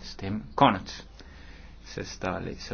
s tem konec. Sestali se.